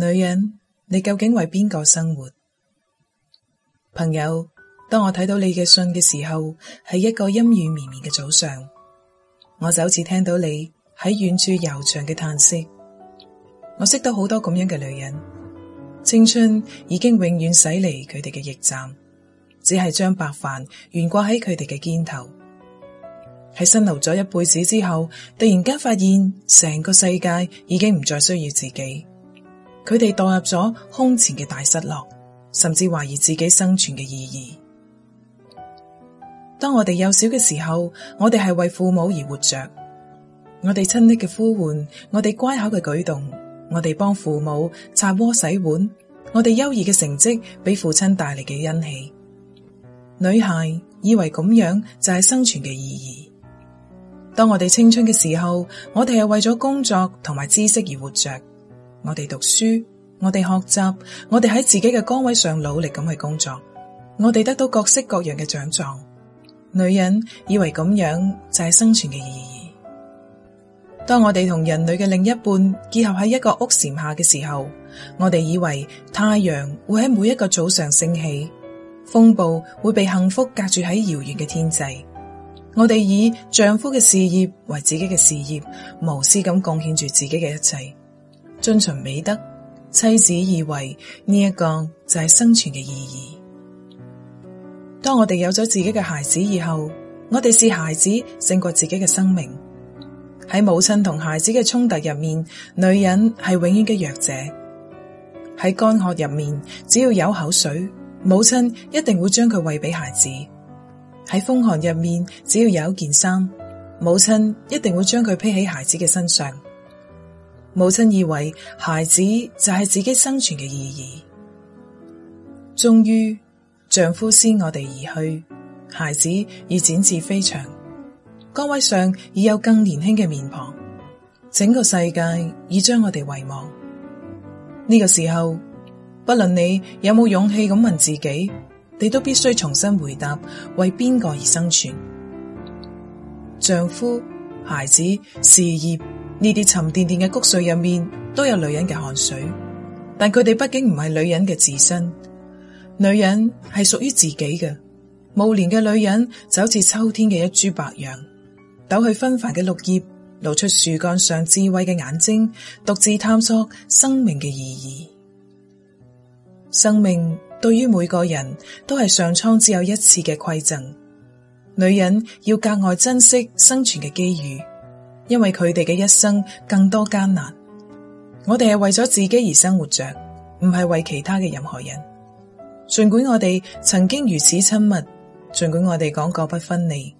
女人，你究竟為邊個生活？朋友，當我睇到你嘅信嘅時候，係一個陰雨綿綿嘅早上。我就好似聽到你喺遠處悠長嘅嘆息。我識到好多咁樣嘅女人，青春已經永遠駛離佢哋嘅驛站，只係將白帆懸掛喺佢哋嘅肩頭。喺辛勞咗一輩子之後，突然間發現成個世界已經唔再需要自己。佢哋墮入咗空前嘅大失落，甚至懷疑自己生存嘅意義。當我哋幼小嘅時候，我哋係為父母而活着；我哋親昵嘅呼喚，我哋乖巧嘅舉動，我哋幫父母刷鍋洗碗，我哋優異嘅成績俾父親帶嚟嘅欣喜。女孩以為咁樣就係生存嘅意義。當我哋青春嘅時候，我哋係為咗工作同埋知識而活着。我哋讀書，我哋學習，我哋喺自己嘅崗位上努力咁去工作，我哋得到各式各樣嘅獎狀。女人以為咁樣就係生存嘅意義。當我哋同人類嘅另一半結合喺一個屋檐下嘅時候，我哋以為太陽會喺每一個早上升起，風暴會被幸福隔住喺遙遠嘅天際。我哋以丈夫嘅事業為自己嘅事業，無私咁貢獻住自己嘅一切。遵循美德，妻子以為呢一個就係生存嘅意義。當我哋有咗自己嘅孩子以後，我哋是孩子勝過自己嘅生命。喺母親同孩子嘅衝突入面，女人係永遠嘅弱者。喺乾渴入面，只要有口水，母親一定會將佢餵俾孩子；喺風寒入面，只要有一件衫，母親一定會將佢披喺孩子嘅身上。母親以為孩子就係自己生存嘅意義，終於丈夫先我哋而去，孩子已展翅飛翔，崗位上已有更年輕嘅面龐，整個世界已將我哋遺忘。呢個時候，不論你有冇勇氣咁問自己，你都必須重新回答：為邊個而生存？丈夫、孩子、事業呢啲沉甸甸嘅穀穗入面都有女人嘅汗水，但佢哋畢竟唔係女人嘅自身。女人係屬於自己嘅，暮年嘅女人，就好似秋天嘅一株白楊，抖去紛繁嘅綠葉，露出樹幹上智慧嘅眼睛，獨自探索生命嘅意義。生命對於每個人，都係上蒼只有一次嘅饋贈。女人要格外珍惜生存嘅機遇，因為佢哋嘅一生更多艱難。我哋係為咗自己而生活着，唔係為其他嘅任何人。儘管我哋曾經如此親密，儘管我哋講過不分離，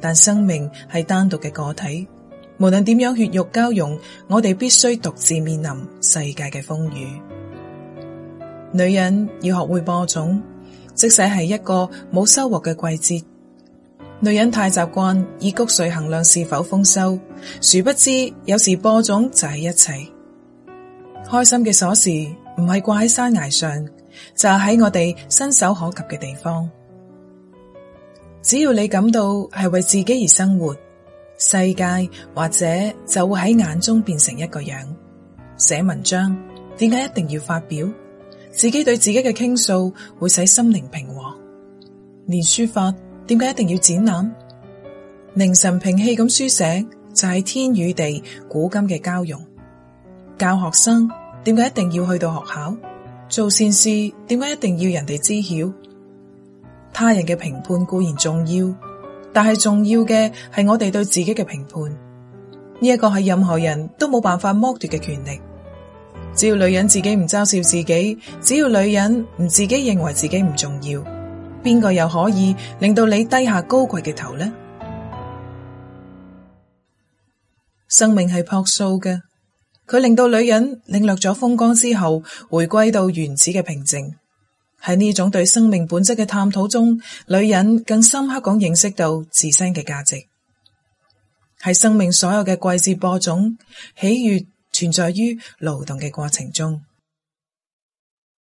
但生命係單獨嘅個體。無論點樣血肉交融，我哋必須獨自面臨世界嘅風雨。女人要學會播種，即使係一個冇收穫嘅季節。女人太習慣以穀穗衡量是否豐收，殊不知有時播種就係一切。開心嘅鎖匙唔係掛喺山崖上，就係喺我哋伸手可及嘅地方。只要你感到係為自己而生活，世界或者就會喺眼中變成一個樣。寫文章點解一定要發表？自己對自己嘅傾訴會使心靈平和。練書法。點解一定要展覽？凝神平氣咁書寫，就係天與地古今嘅交融。教學生點解一定要去到學校？做善事點解一定要人哋知曉？他人嘅評判固然重要，但係重要嘅係我哋對自己嘅評判。呢一個係任何人都冇辦法剝奪嘅權力。只要女人自己唔嘲笑自己，只要女人唔自己認為自己唔重要。邊個又可以令到你低下高貴嘅頭呢？生命係樸素嘅，佢令到女人領略咗風光之後，回歸到原始嘅平靜。喺呢種對生命本質嘅探討中，女人更深刻咁認識到自身嘅價值。喺生命所有嘅季節播種，喜悅存在於勞動嘅過程中。